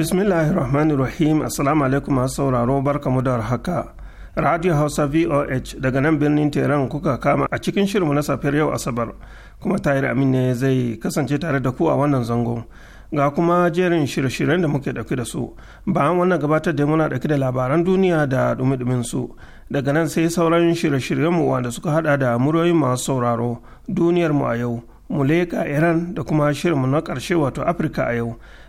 bismillahi rahmanir rahim assalamu alaikum masu sauraro mu da haka radio hausa voh daga nan birnin tehran kuka kama a cikin shirinmu na safiyar yau asabar kuma tahir amin ne zai kasance tare da ku a wannan zangon ga kuma jerin shirye-shiryen da muke ɗauki da su bayan wannan gabatar da muna ɗauki da labaran duniya da dumi su daga nan sai sauran shirye shiryen mu wanda suka hada da muryoyin masu sauraro duniyar mu a yau muleka iran da kuma shirin mu na ƙarshe wato afirka a yau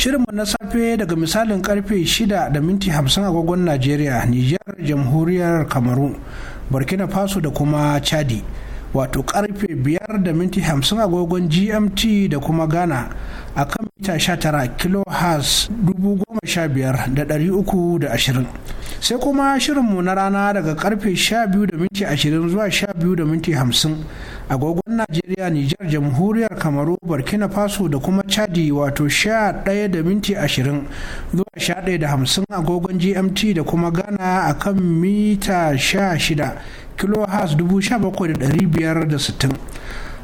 Shirinmu na safe daga misalin karfe 6 da minti 50 agogon Najeriya, Nijar, Jamhuriyar Kamaru, Burkina Faso da kuma Chadi. Wato karfe 5 da minti 50 agogon GMT da kuma Ghana a kan mita 19 kHz 15,320. sai kuma shirinmu na rana daga karfe 12.20 zuwa 12.50 agogon najeriya nijar jamhuriyar kamaru burkina faso da kuma chadi wato 11.20 zuwa 11.50 agogon gmt da kuma ghana a kan mita 16 kilohas 17,560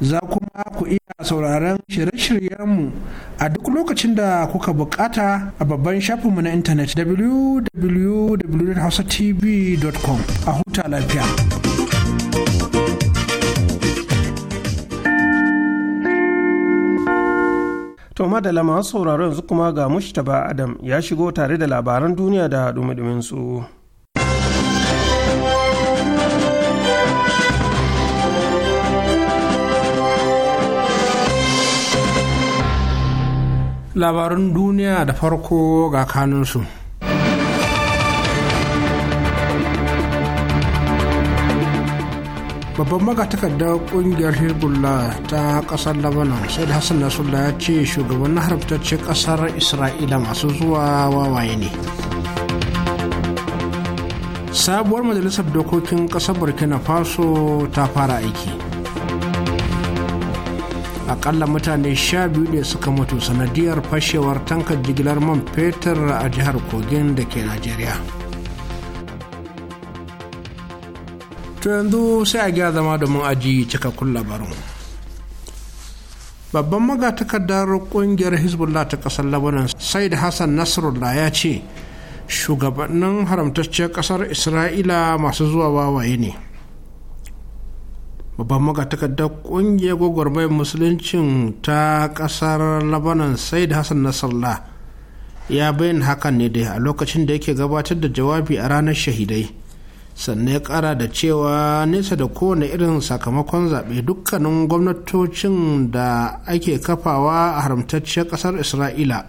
za kuma ku iya sauraron shirye-shiryenmu a duk lokacin da kuka bukata a babban shafinmu na intanet www.hausatv.com a huta lafiya. To madala masu sauraro yanzu kuma ga Mushtaba Adam ya shigo tare da labaran duniya da dumi su. labarun duniya da farko ga kanunsu. babban magatakardar kungiyar hezbollah ta kasar sai da hassan Sula ya ce shugabannin harbitaccen kasar isra'ila masu zuwa wawaye ne sabuwar majalisar dokokin kasar burkina faso ta fara aiki akalla mutane sha biyu ne suka mutu sanadiyar fashewar tankar jigilar man fetur a jihar kogin da ke najeriya to yanzu sai a gyara zama domin aji cikakkun labarin babban magatakardar kungiyar hezbollah ta kasar labanan said hassan nasrullah ya ce shugabannin haramtacciyar kasar isra'ila masu zuwa wawaye ne babban magatakardar ƙungiyar gwagwarmayar musuluncin ta kasar labanan da hassan nasarla ya bayan hakan ne dai a lokacin da yake gabatar da jawabi a ranar shahidai sannan ya kara da cewa nesa da kowane irin sakamakon zaɓe dukkanin gwamnatocin da ake kafawa a haramtacciyar ƙasar isra'ila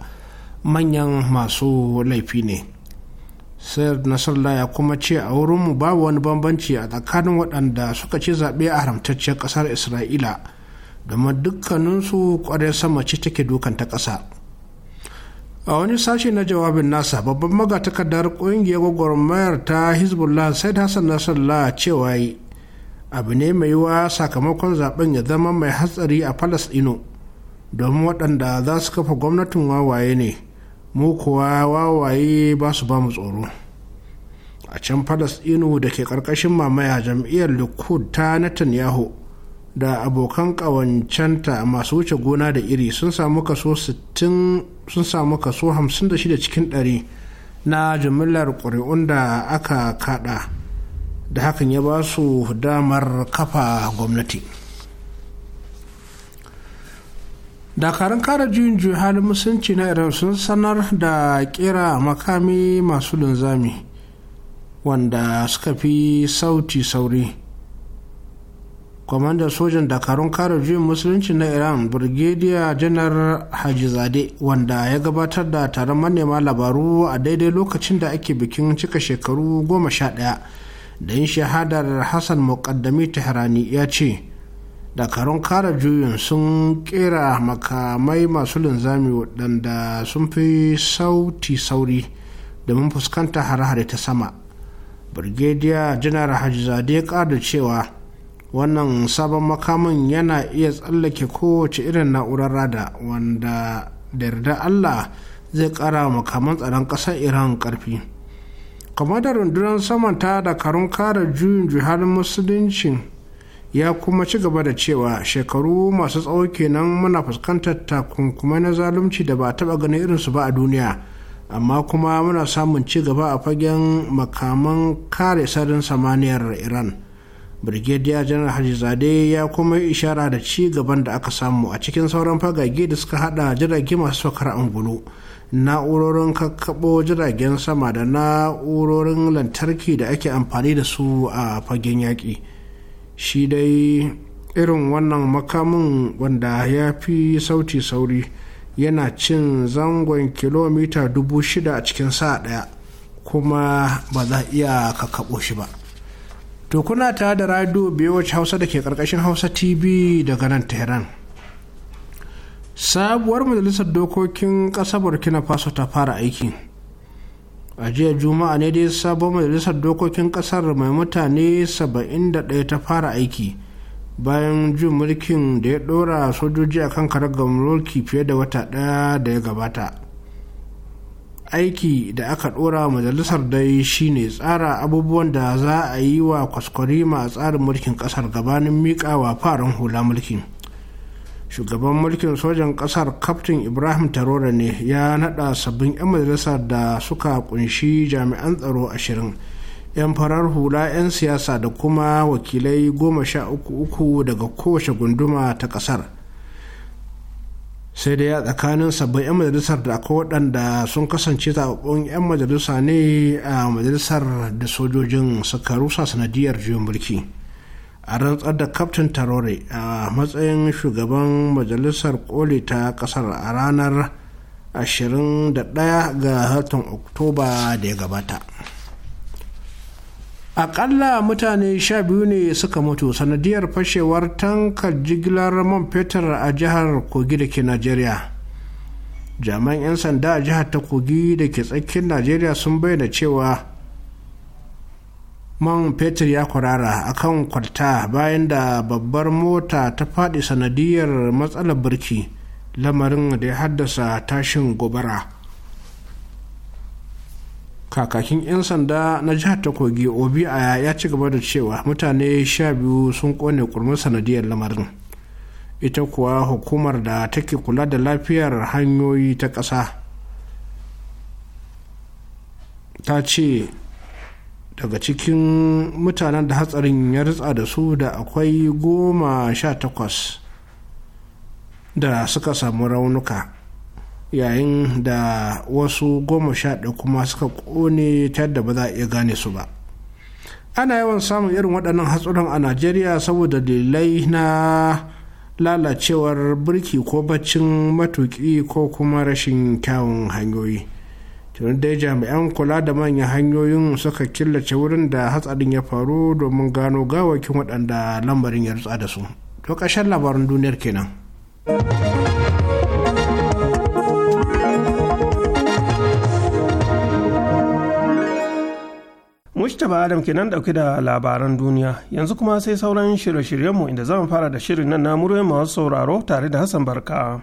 manyan masu laifi ne. sayar nasarla ya kuma ce a wurinmu babu wani bambanci a tsakanin waɗanda suka ci zaɓe a haramtacciyar ƙasar isra'ila domin dukkaninsu ƙwarar sama ce take dukan ta ƙasa a wani sashe na jawabin nasa babban magatakardar ƙungiyar gwagwarmayar ta hezbollah da hassan nasarla cewa yi abu ne mai yiwa sakamakon zaben ya zama mai hatsari a palestino domin waɗanda za su kafa gwamnatin wawaye ne mu kuwa wawaye ba su ba mu tsoro a can falasɗinu da ke ƙarƙashin mamaya jam'iyyar likud ta netanyahu da abokan ƙawancenta masu wuce gona da iri sun samu kaso 56 cikin 100 na jimillar ƙuri'un da aka kada da hakan ya ba su damar kafa gwamnati. dakarun kara juyin juyin halin musulunci na iran sun sanar da kera makami masu linzami wanda suka fi sauti sauri kwamandan sojan dakarun kara juyin musulunci na iran brigadier janar hajizade wanda ya gabatar da taron manema labaru a daidai lokacin da ake bikin cika shekaru goma sha ɗaya da yin shahadar hassan muƙaddami tehrani ya ce dakarun kara juyin sun kera makamai masu linzami waɗanda sun fi sauti sauri domin fuskanta hare-hare ta sama brigadier janar hajjizade ya ƙada cewa wannan sabon makamin yana iya tsallake kowace irin na'urar rada wanda da yarda allah zai ƙara makaman tsaron ƙasar iran ƙarfi da rundunar saman ta dakarun kara juyin juhalin Musulunci. ya kuma ci gaba da cewa shekaru masu tsawo kenan muna fuskantar takunkumai na zalunci da ba a taba ganin irinsu ba a duniya amma kuma muna samun ci gaba a fagen makaman kare sararin samaniyar iran brigadier general zade ya kuma ishara da ci gaban da aka samu a cikin sauran fagage da suka hada jirage masu saukar angulu na'urorin kakkaɓo jiragen sama da na'urorin lantarki da ake amfani da su a fagen yaƙi. shi dai irin wannan makamin wanda ya fi sauti sauri yana cin zangon kilomita dubu shida a cikin sa daya kuma ba za iya kakaɓo shi ba to kuna ta da radio bewacin hausa da ke ƙarƙashin hausa tv daga nan tehran sabuwar majalisar dokokin ƙasar burkina faso ta fara aiki a jiya juma'a ne dai sabon majalisar dokokin kasar mai mutane 71 ta fara aiki bayan jin mulkin da ya dora sojoji akan karar mulki fiye da wata ɗaya da ya gabata aiki da aka dora majalisar dai shine tsara abubuwan da za a yi wa kwaskwarima a tsarin mulkin kasar gabanin miƙa wa farin hula mulkin shugaban mulkin sojan kasar kaftin ibrahim tarora ne ya nada sabbin 'yan majalisar da suka kunshi jami'an tsaro ashirin 'yan farar hula 'yan siyasa da kuma wakilai goma sha uku uku daga kowace gunduma ta kasar sai dai a tsakanin sabbin 'yan majalisar da akwai waɗanda sun kasance zaɓaɓɓun 'yan majalisa ne a majalisar da sojojin suka rusa sanadiyar juyin mulki. a rantsar da kaftin tarore a matsayin shugaban majalisar koli ta kasar a ranar 21 ga watan oktoba da ya gabata akalla mutane sha biyu ne suka mutu sanadiyar fashewar tankar jigilar man fetur a jihar kogi da ke najeriya jami'an 'yan sanda a jihar ta kogi da ke tsakiyar najeriya sun bayyana cewa man fetur ya kwarara a kan kwalta bayan da babbar mota ta faɗi sanadiyar matsalar birki lamarin da ya haddasa tashin gobara kakakin 'yan sanda na jihar ta kogi obi A ya ci gaba da cewa mutane sha biyu sun kone kurmin sanadiyar lamarin ita kuwa hukumar da take kula da lafiyar hanyoyi ta ƙasa ta ce daga cikin mutanen da hatsarin ya ritsa da su da akwai goma sha takwas da suka samu raunuka yayin da wasu goma sha ɗaya kuma suka ƙone ta yadda ba za a iya gane su ba ana yawan samun irin waɗannan hatsuran a najeriya saboda dalilai na lalacewar birki ko baccin matuki ko kuma rashin kyawun hanyoyi tun dai jami'an kula da manyan hanyoyin suka killace wurin da hatsarin ya faru domin gano gawakin waɗanda lambarin ya rutsa da su to ƙarshen labarin duniyar kenan Mustapha Adam kenan dauke da labaran duniya yanzu kuma sai sauran shirye-shiryenmu inda zan fara da shirin nan na muryoyin masu sauraro tare da Hassan Barka.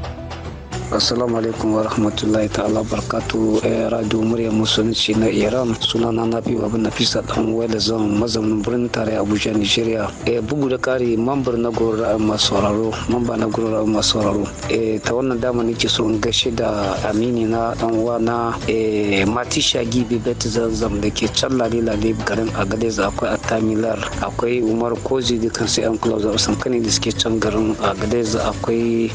assalamu alaikum wa rahmatullahi ta'ala barkatu eh, radio murya musulunci na iran sunana na fi babu nafisa dan wale zan mazaunin birnin tare abuja nigeria eh, bugu da kari mambar na gurin masu sauraro na gurin masu sauraro eh, ta wannan dama nake so in gaishe da amini na dan uwa na matisha gibi bet zanzam da ke can lale garin agadez akwai atamilar akwai umar kozi dukan sai an kula da kane da suke can garin agadez akwai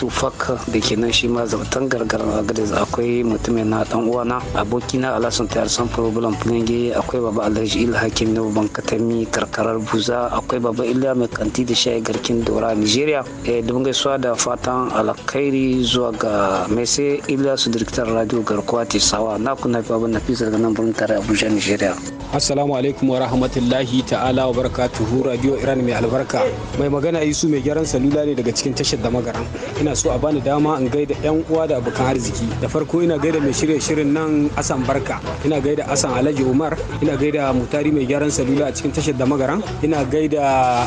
tufak da ke nan shi ma zautan gargaran agadez akwai mutumin na dan uwana abokina alasan tayar san problem fulinge akwai baba alhaji il hakim na ban katami karkarar buza akwai baba illa mai kanti da shayi garkin dora nigeria eh, dubin gaisuwa da fatan alkhairi zuwa ga mese illa su direktar radio garkuwa ta sawa na kuna fi abin nafisa daga nan birnin tare abuja nigeria assalamu alaikum wa rahmatullahi ta'ala wa barakatuhu radio iran mai albarka mai magana isu mai gyaran salula ne daga cikin tashar da magaran ina so a bani dama in gaida gaida yan uwa da abokan arziki da farko ina gaida mai shirya shirin nan asan barka ina gaida asan alhaji umar ina gaida mutari mai gyaran salula a cikin tashar da magaran ina gaida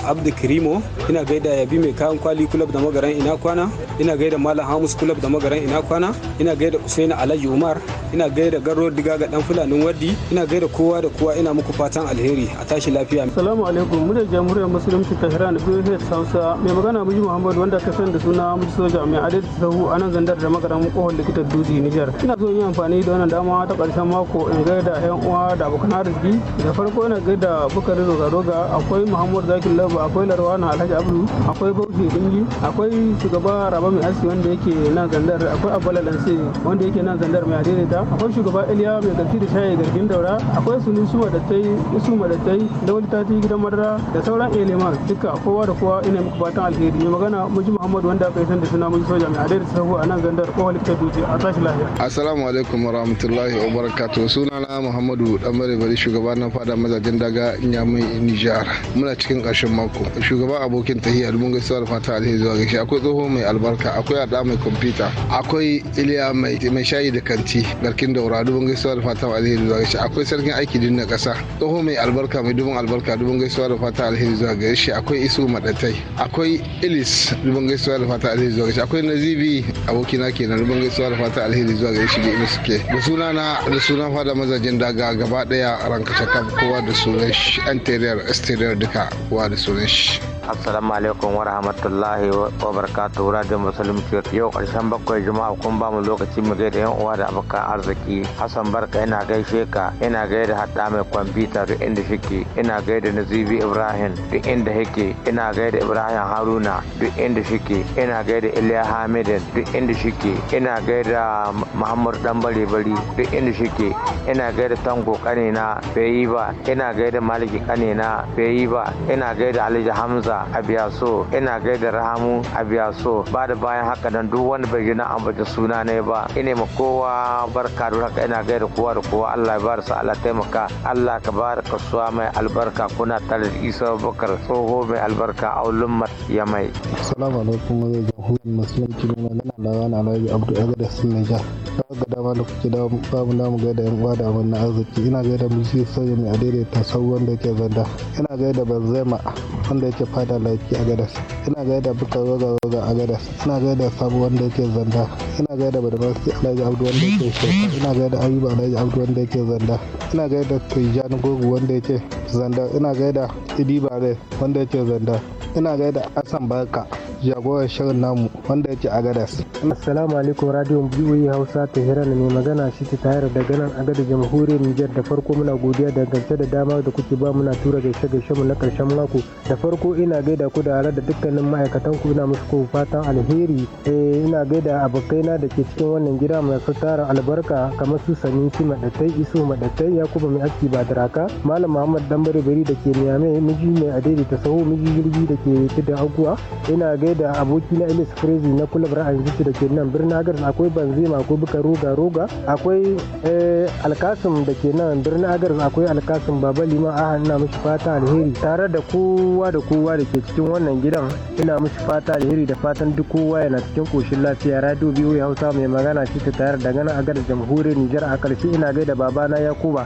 abdu kirimo ina gaida yabi mai kayan kwali kulab da magaran ina kwana ina gaida malam hamus kulab da magaran ina kwana ina gaida usaini alhaji umar ina gaida garo diga ga dan fulanin wardi ina gaida kowa da kowa ina muku fatan alheri a tashi lafiya assalamu alaikum mu da jamhuriyar musulunci tahiran biyu hausa mai magana miji muhammad wanda ka san da suna muji soja mai adadi sahu anan nan zandar da makarar kohon likitar dutse nijar ina so yi amfani da wannan dama ta karshen mako in gaida yan uwa da abokan arziki da farko ina gaida bukari roga roga akwai muhammadu zakin labu akwai larwana alhaji abdu akwai bauchi dingi akwai shugaba raba mai aski wanda yake nan zandar akwai abbala lansi wanda yake nan zandar mai adaidaita akwai shugaba iliya mai garki da shayi garkin daura akwai sunusu madattai isu ma da wani tati gidan madara da sauran eleman duka kowa da kowa ina muku fatan alheri mai magana muji muhammadu wanda aka yi san da suna muji soja mai adaidaita Shehu a nan zandar kohol ta a tashi lafiya. Assalamu alaikum warahmatullahi wabarakatuh. Sunana Muhammadu Damare Bari shugaba na fada mazajen daga Nyamun Nijar. Muna cikin ƙarshen mako. Shugaba abokin tahiya mun gaisuwa da fata alheri zuwa gaishe. Akwai tsoho mai albarka, akwai ada mai kwamfuta, akwai Iliya mai mai shayi da kanti, garkin daura dubun gaisuwa da fata alheri zuwa gaishe. Akwai sarkin aiki din na ƙasa. Tsoho mai albarka mai dubun albarka dubun gaisuwa da fata alheri zuwa gaishe. Akwai Isu Madatai, akwai Ilis dubun gaisuwa da fata alheri zuwa gaishe. Akwai Nazibi abokina na rubin gaisuwa da fata alheri zuwa ga shi inda suke da suna na da suna fada mazajen daga gaba daya ranka kowa da sunan shi anterior exterior duka kowa da sunan shi assalamu alaikum wa rahmatullahi wa barakatuhu radio musulunci yau karshen bakwai juma'a kun ba mu lokaci mu gaida yan uwa da abokan arziki hassan barka ina gaishe ka ina gaida hadda mai kwamfuta duk inda shike ina gaida nazibi ibrahim duk inda yake ina gaida ibrahim haruna duk inda shike ina gaida iliya hamidin duk inda shike ina gaida muhammad dan bari bari duk inda shike ina gaida tango kanina bai yi ba ina gaida maliki kanina bai yi ba ina gaida alhaji hamza hamza a so ina gaida rahamu abiyaso so ba da bayan haka nan duk wanda bai gina ambata suna ne ba ina ma kowa barka da haka ina gaida kowa da kowa allah ya bada allah taimaka allah ka bada kasuwa mai albarka kuna tare da isa bakar tsoho mai albarka a ulun ya mai. assalamu alaikum wa jamhuriyar musulunci ne mai nana lawa na alhaji Abdul agada sun naija ta ga dama da da babu namu gaida yan uwa da wannan arziki ina gaida musu sauyi mai adaidaita sau wanda yake zanda ina gaida Bazema wanda yake fara fada laifi a gadas ina gaida buka roga roga a gadas ina gaida sabu wanda yake zanda ina gaida badamasi alhaji abdu wanda yake shekara ina gaida ayuba alhaji abdu wanda yake zanda ina gaida tijjani gogu wanda yake zanda ina gaida idi bare wanda yake zanda ina gaida asan barka jagorar shirin namu wanda yake a gadas. Assalamu alaikum radio biyu Hausa ta hira mai magana shi ta tayar da ganin agada jamhuriyar Nijar da farko muna godiya dangance da dama da kuke ba muna tura gaishe gaishe mu na karshen mako da farko ina ina gaida ku da da dukkanin ma'aikatan ku ina musu fatan alheri eh ina gaida abokaina da ke cikin wannan gida masu tarin albarka kamar su sanin ki madatai iso madatai yakuba mai aski ba daraka malam muhammad dambari bari da ke niyame miji mai adadi ta sahu miji jirgi da ke tudun aguwa ina gaida aboki na ilis crazy na kulab ra'ayin zuci da ke nan birnin agar akwai banzima akwai buka roga roga akwai eh, alkasim da ke nan birnin agar akwai alkasim baba liman hannu ina mishi fata alheri tare da kowa da kowa da ke cikin wannan gidan ina musu fata alheri da fatan duk kowa yana cikin koshin lafiya radio biyu hausa mai magana ce ta tayar da gana a jamhuriyar nijar a karshe ina gaida babana yakuba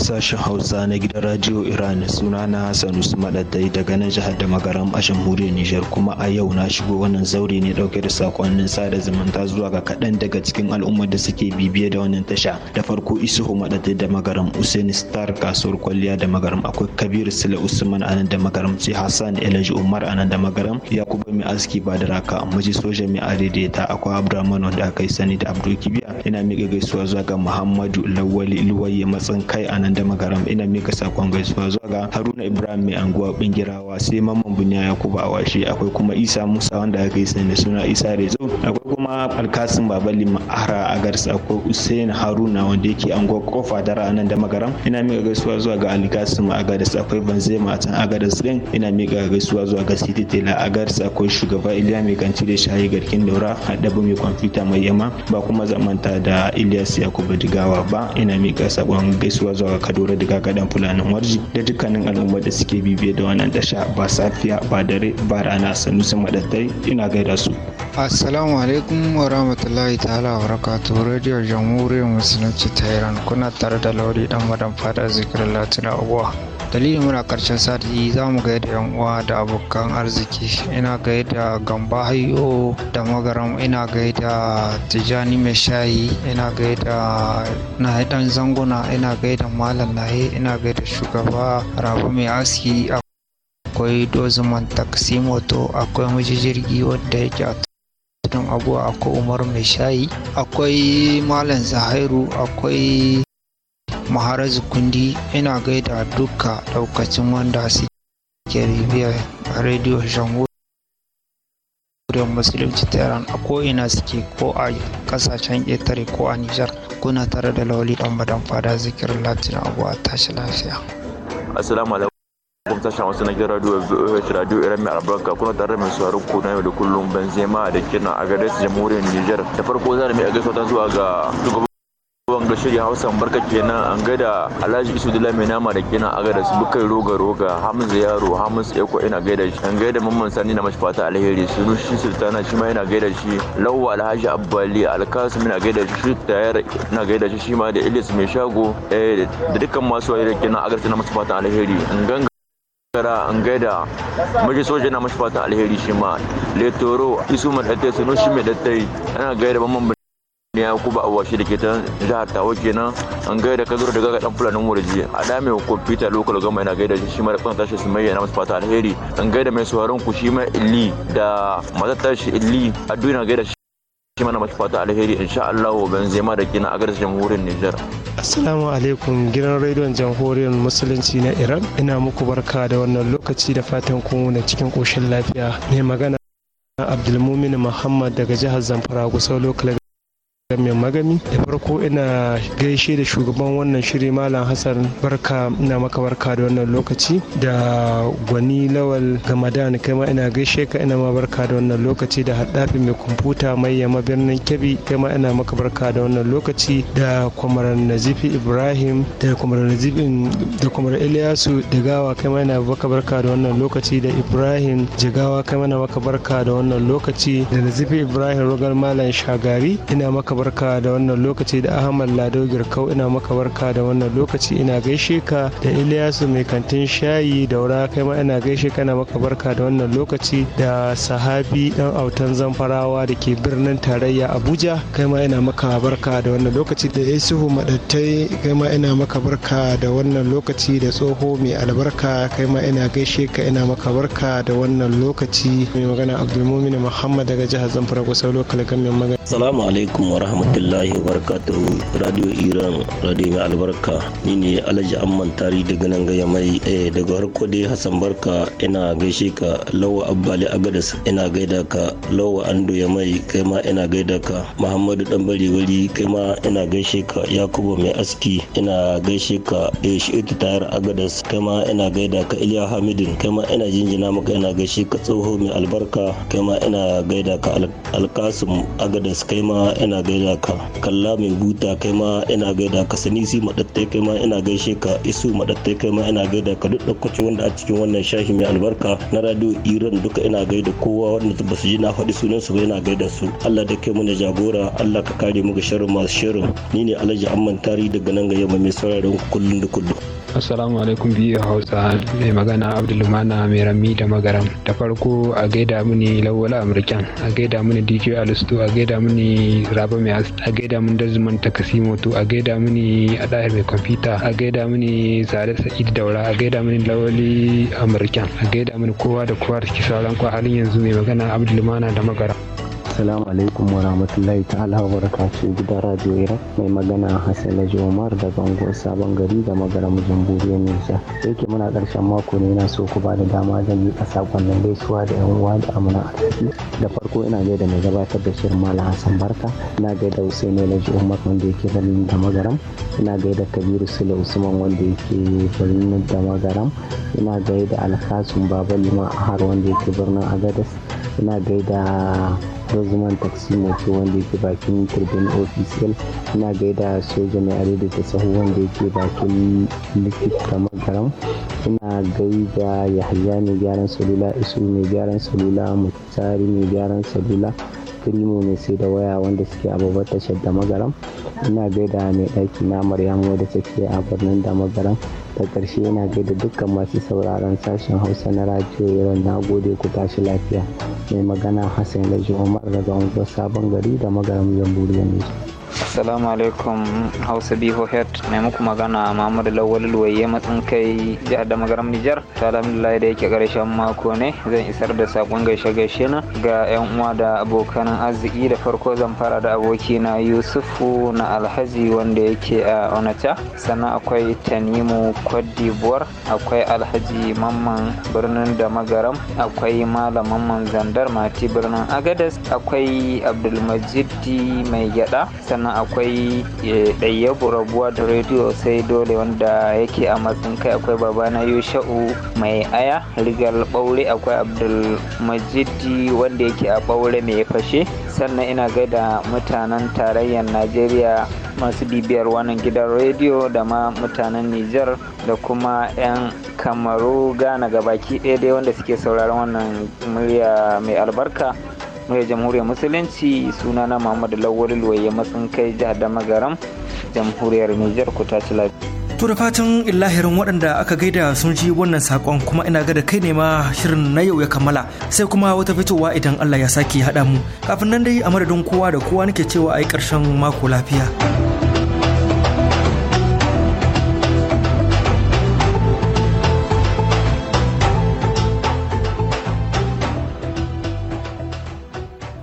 sashen hausa na gidan radio iran suna na hassan usman daddai daga nan jihar da magaram a jamhuriyar nijar kuma a yau na shigo wannan zaure ne dauke da sakonnin sada zumunta zuwa ga kaɗan daga cikin al'ummar da suke bibiye da wannan tasha da farko isuhu madaddai da magaram usaini star kasuwar kwalliya da magaram akwai kabir sila usman a nan da magaram sai hassan elaji umar a nan da magaram yakubu mai aski ba da raka maji soja mai adaidaita akwai abdurrahman wanda aka yi sani da abdul kibiya ina miƙa gaisuwa zuwa ga muhammadu lawali luwaye matsin kai a nan da magaram ina mika sakon gaisuwa zuwa ga haruna ibrahim mai anguwa bingirawa sai mamman bunya a washe akwai kuma isa musa wanda aka yi sani suna isa rezo akwai kuma alkasim babali ma'ara a garsa akwai usain haruna wanda yake anguwa kofa dara nan da magaram ina mika gaisuwa zuwa ga alkasim a gadas akwai banzema a a gadas din ina mika gaisuwa zuwa ga city tela a gadas akwai shugaba iliya mai kanci da shayi garkin daura haɗabu mai kwamfuta mai yama ba kuma zamanta da ilyas yakubu digawa ba ina mika sakon gaisuwa zuwa a kaduna daga gadan fulanin warji da dukkanin al'ummar da suke bibiye da wannan dasha ba safiya ba dare ba rana sannu sun madattai ina gaida su assalamu alaikum wa rahmatullahi ta'ala wa barakatu radio jamhuriyar musulunci ta iran kuna tare da lauri dan madan fada zikirin latina abuwa dalilin muna karshen sati za mu ga yadda yan uwa da abokan arziki ina ga yadda gamba hayo da magaram ina ga yadda tijani mai shayi ina ga yadda na dan zanguna ina ga yadda malam nahe ina ga yadda shugaba rabu mai aski akwai dozuman taksi moto akwai miji jirgi wadda yake a abuwa akwai umar mai shayi akwai malam Zahiru akwai maharazu kundi ina gaida duka daukacin wanda suke bibiyar rediyo jango jamhuriyar musulunci ta iran a ko'ina suke ko a kasashen ƙetare ko a nijar kuna tare da lauli don badan fada zikirin latin abuwa tashi lafiya assalamu alaikum tashin wasu na gidan radio voh radio iran mai albarka kuna tare mai sauraron ko na yau da kullum benzema da kina a gadis jamhuriyar nijar da farko zan mai a ta zuwa ga shugaban wanga shirya Hausa barka kenan an da alhaji isu dila mai nama da kenan a gada su bukai roga roga hamza yaro hamza eko ina gaida shi an gaida mamman sani na mashi fata alheri sunu shi sultana shi ma ina gaida shi lawwa alhaji abbali alkasim ina gaida shi tayar ina gaida shi shi ma da ilis mai shago eh, da dukkan masu wayar kenan a gaida na mashi fata alheri an ganga kara an gaida miji soja na mashi fata alheri shi ma letoro isu mai dattai sunu shi mai dattai ana gaida mamman ne ya kuba a washe da ke ta jihar tawa kenan an gaida ka zura daga dan fulanin warji a da mai computer local gama yana gaida shi mai kan tashi su mai yana masu fata alheri an gaida mai suwaron ku shi mai illi da matattar shi illi a duniya gaida shi shi mana masu fata alheri insha Allah Benzema da kina a garin jamhuriyar Nijar. Assalamu alaikum gidan rediyon jamhuriyar musulunci na Iran ina muku barka da wannan lokaci da fatan kun na cikin koshin lafiya ne magana Abdulmumin Muhammad daga jihar Zamfara Gusau Local mai magami da farko ina gaishe da shugaban wannan shiri malam hassan barka ina maka barka da wannan lokaci da gwani lawal gamadan kai ma ina gaishe ka ina ma barka da wannan lokaci da haddafi mai kumfuta mai yama birnin kebbi kai ma ina maka barka da wannan lokaci da kwamaran nazifi ibrahim da kwamaran nazifin da kwamarar iliyasu jigawa kai ma ina maka barka da wannan lokaci da ibrahim jigawa kai ma ina maka barka da wannan lokaci da nazifi ibrahim rugar malam shagari ina maka barka da wannan lokaci da Ahmad Lado Girkau ina maka barka da wannan lokaci ina gaishe ka da Ilyasu mai kantin shayi da wura kai ma ina gaishe ka na maka barka da wannan lokaci da sahabi dan autan zamfarawa da ke birnin tarayya Abuja kai ma ina maka barka da wannan lokaci da yesu Madattai kai ma ina maka barka da wannan lokaci da tsoho mai albarka kai ma ina gaishe ka ina maka barka da wannan lokaci mai magana Abdulmumin Muhammad daga jihar Zamfara kusa lokal gamin magana. Assalamu alaikum wa rahmatullahi barakatuhu radio iran radio mai albarka ni ne alhaji amman tari daga nan gaya mai eh, daga harko dai hassan barka ina gaishe ka lawa abbali agadas ina gaida ka lawa ando ya mai kai ma ina gaida ka muhammadu dan bari kai ma ina gaishe ka yakubu mai aski ina gaishe ka eh, shi'utu tayar agadas kai ma ina gaida ka iliya hamidin kai ma ina jinjina maka ina gaishe ka tsoho mai albarka kai ma ina gaida ka alkasim agadas kai ma ina gaida gaida ka kalla mai buta kai ma ina gaida ka sanisi madatta kai ma ina gaishe ka isu madatta kai ma ina gaida ka duk ɗaukaci wanda a cikin wannan shahi mai albarka na radio iran duka ina gaida kowa wanda ba su ji na faɗi sunan su ba ina gaida su allah da kai mana jagora allah ka kare mu ga sharrin masu shirin ni ne alhaji amman tari daga nan ga yamma mai sauraron kullum da kullum. Assalamu alaikum biyu Hausa mai magana Abdulmana mai rami da magaram. Da farko a gaida mini lawala Amurkan, a gaida mini DJ Alisto, a gaida mini Raba mai a gaida mini Dazman Takasimoto, a gaida mini Adahir mai kwamfuta, a gaida mini Zare Sa'id Daura, a gaida mini Lawali Amurkan, a gaida mini kowa da kowa da ke sauran halin yanzu mai magana Abdulmana da magaram. Assalamu alaikum wa rahmatullahi ta'ala wa barakatuhu gidan Radio Iran mai magana Hassan Laji da daga unguwar Sabon Gari da magaramin Jamhuriyar Nijar. Da yake muna ƙarshen mako ne na so ku ba da dama zan yi sakonnin gaisuwa da yan uwa da amana Da farko ina gaida mai gabatar da shirin Malam Hassan Barka, ina gaida Usaini Laji Umar wanda yake birnin da magaram, ina gaida Kabiru Sule Usman wanda yake birnin da magaram, ina gaida Alkasun Alhassan a Ahar wanda yake birnin Agadas, ina gaida Rosman Taxi Moto wanda yake bakin Turbin ofisiyal ina gaida soja mai adadi da sahu wanda yake bakin likita magaram ina gaida Yahaya mai gyaran salula Isu mai gyaran salula Mutari mai gyaran salula Primo ne sai da waya wanda suke a tashar da magaram ina gaida mai ɗaki na Maryam wadda take a birnin da magaram da ƙarshe yana gaida dukkan masu sauraron sashen hausa na radio yaron na gode ku tashi lafiya mai magana hassan laji umar daga unguwar sabon gari da magaram jamhuriyar nijar Assalamu alaikum Hausa Biho Head mai muku magana Muhammadu Lawal Luwaye matsin kai jihar da magaram Nijar. Ta alhamdulillah da yake karshen mako ne zan isar da sakon gaishe gaishe na ga yan uwa da abokan arziki da farko zan fara da aboki na Yusufu na Alhaji wanda yake a onacha sannan akwai Tanimu Kwadibuwar akwai Alhaji Mamman birnin da magaram akwai Malam Mamman Zandar Mati birnin Agadas akwai Abdulmajid mai gyada sannan akwai eh, ɗayyabu rabuwa da rediyo sai dole wanda yake a matsin kai akwai babana yusha'u mai aya rigar ɓaure akwai abdul majidi wanda yake a ɓaure mai fashe sannan ina gaida mutanen tarayyar najeriya masu bibiyar wannan gidan rediyo da ma mutanen Nijar da kuma 'yan kamaru gana gabaki ɗaya dai wanda suke sauraron wannan murya mai albarka mai jamhuriyar musulunci sunana muhammadu lawal luwaye matsin kai jihar damagaram jamhuriyar nijar ku tashi lafiya To da fatan illahirin waɗanda aka gaida sun ji wannan saƙon kuma ina ga da kai ne ma shirin na yau ya kammala sai kuma wata fitowa idan Allah ya sake haɗa mu kafin nan dai a madadin kowa da kowa nake cewa a yi ƙarshen mako lafiya.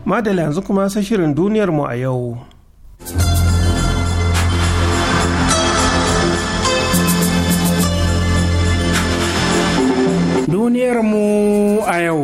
madala yanzu kuma shirin duniyar mu a yau duniyar mu a yau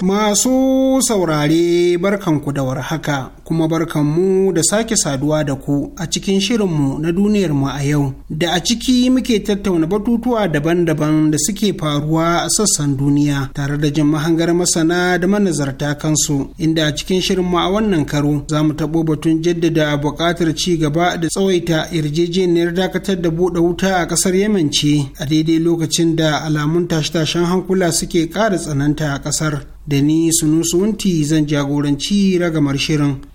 Masu saurare barkanku da warhaka kuma barkan mu da sake saduwa da ku a cikin shirinmu na duniyar mu a yau da a ciki muke tattauna batutuwa daban-daban da suke faruwa a sassan duniya tare da jin mahangar masana da manazarta kansu inda a cikin shirinmu a wannan karo za mu taɓo batun jaddada buƙatar ci gaba da tsawaita yarjejeniyar dakatar da buɗe wuta a ƙasar Yemen ce a daidai lokacin da alamun tashe-tashen hankula suke ƙara tsananta a ƙasar da ni sunusunti zan jagoranci ragamar shirin